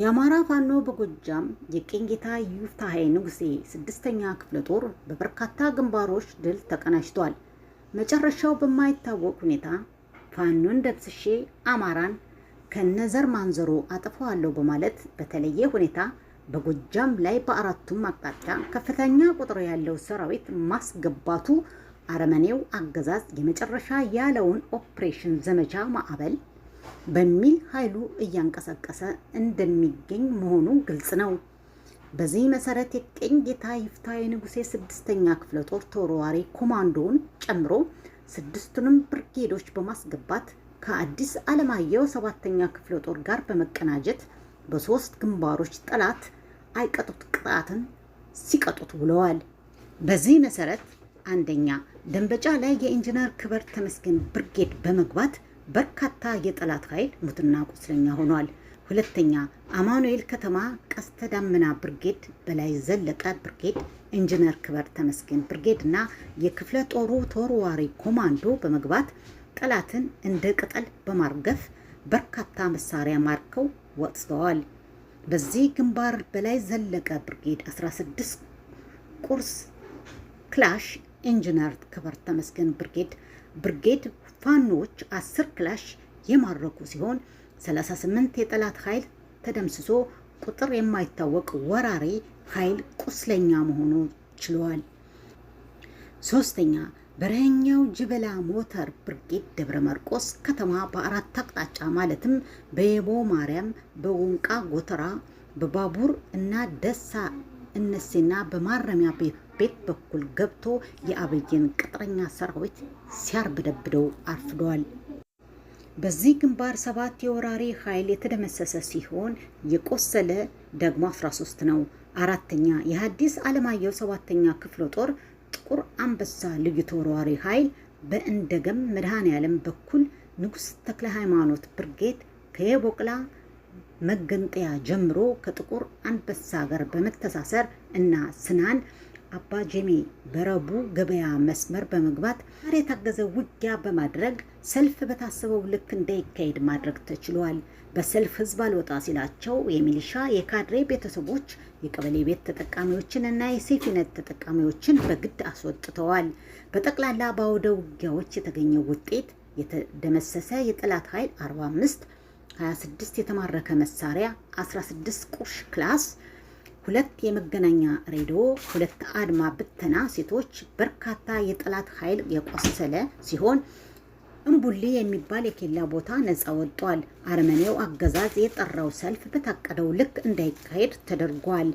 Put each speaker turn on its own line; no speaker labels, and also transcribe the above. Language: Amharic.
የአማራ ፋኖ በጎጃም የቀኝ ጌታ ንጉሴ ስድስተኛ ክፍለ ጦር በበርካታ ግንባሮች ድል ተቀናጅቷል። መጨረሻው በማይታወቅ ሁኔታ ፋኖን ደምስሼ አማራን ከነዘር ማንዘሮ አጥፈዋለሁ በማለት በተለየ ሁኔታ በጎጃም ላይ በአራቱም አቅጣጫ ከፍተኛ ቁጥር ያለው ሰራዊት ማስገባቱ አረመኔው አገዛዝ የመጨረሻ ያለውን ኦፕሬሽን ዘመቻ ማዕበል በሚል ኃይሉ እያንቀሳቀሰ እንደሚገኝ መሆኑ ግልጽ ነው። በዚህ መሰረት የቀኝ ጌታ ይፍታ የንጉሴ ስድስተኛ ክፍለ ጦር ተወርዋሪ ኮማንዶውን ጨምሮ ስድስቱንም ብርጌዶች በማስገባት ከአዲስ አለማየሁ ሰባተኛ ክፍለ ጦር ጋር በመቀናጀት በሶስት ግንባሮች ጠላት አይቀጡት ቅጣትን ሲቀጡት ውለዋል። በዚህ መሰረት አንደኛ ደንበጫ ላይ የኢንጂነር ክበር ተመስገን ብርጌድ በመግባት በርካታ የጠላት ኃይል ሙትና ቁስለኛ ሆኗል። ሁለተኛ አማኑኤል ከተማ ቀስተ ዳመና ብርጌድ፣ በላይ ዘለቀ ብርጌድ፣ ኢንጂነር ክበር ተመስገን ብርጌድ እና የክፍለ ጦሩ ተወርዋሪ ኮማንዶ በመግባት ጠላትን እንደ ቅጠል በማርገፍ በርካታ መሳሪያ ማርከው ወጥተዋል። በዚህ ግንባር በላይ ዘለቀ ብርጌድ 16 ቁርስ ክላሽ ኢንጂነር ክብር ተመስገን ብርጌድ ብርጌድ ፋኖዎች አስር ክላሽ የማረኩ ሲሆን 38 የጠላት ኃይል ተደምስሶ ቁጥር የማይታወቅ ወራሪ ኃይል ቁስለኛ መሆኑ ችሏል። ሶስተኛ በረኛው ጅበላ ሞተር ብርጌድ ደብረ መርቆስ ከተማ በአራት አቅጣጫ ማለትም በየቦ ማርያም፣ በወንቃ ጎተራ፣ በባቡር እና ደሳ እነሴና በማረሚያ ቤት በኩል ገብቶ የአብይን ቅጥረኛ ሰራዊት ሲያርበደብደው አርፍደዋል። በዚህ ግንባር ሰባት የወራሪ ኃይል የተደመሰሰ ሲሆን የቆሰለ ደግሞ 13 ነው። አራተኛ የሐዲስ ዓለማየሁ ሰባተኛ ክፍለ ጦር ጥቁር አንበሳ ልዩ ተወርዋሪ ኃይል በእንደገም መድሃን ዓለም በኩል ንጉሥ ተክለ ሃይማኖት ብርጌት ከየቦቅላ መገንጠያ ጀምሮ ከጥቁር አንበሳ ጋር በመተሳሰር እና ስናን አባ ጀሜ በረቡ ገበያ መስመር በመግባት ጋር የታገዘ ውጊያ በማድረግ ሰልፍ በታሰበው ልክ እንዳይካሄድ ማድረግ ተችሏል። በሰልፍ ህዝብ አልወጣ ሲላቸው የሚሊሻ የካድሬ ቤተሰቦች የቀበሌ ቤት ተጠቃሚዎችን እና የሴፊነት ተጠቃሚዎችን በግድ አስወጥተዋል። በጠቅላላ በአውደ ውጊያዎች የተገኘው ውጤት የተደመሰሰ የጠላት ኃይል 45 26 የተማረከ መሳሪያ 16 ቁርሽ ክላስ ሁለት የመገናኛ ሬዲዮ ሁለት አድማ ብተና ሴቶች በርካታ የጠላት ኃይል የቆሰለ ሲሆን እምቡሌ የሚባል የኬላ ቦታ ነፃ ወጥቷል። አረመኔው አገዛዝ የጠራው ሰልፍ በታቀደው ልክ እንዳይካሄድ ተደርጓል።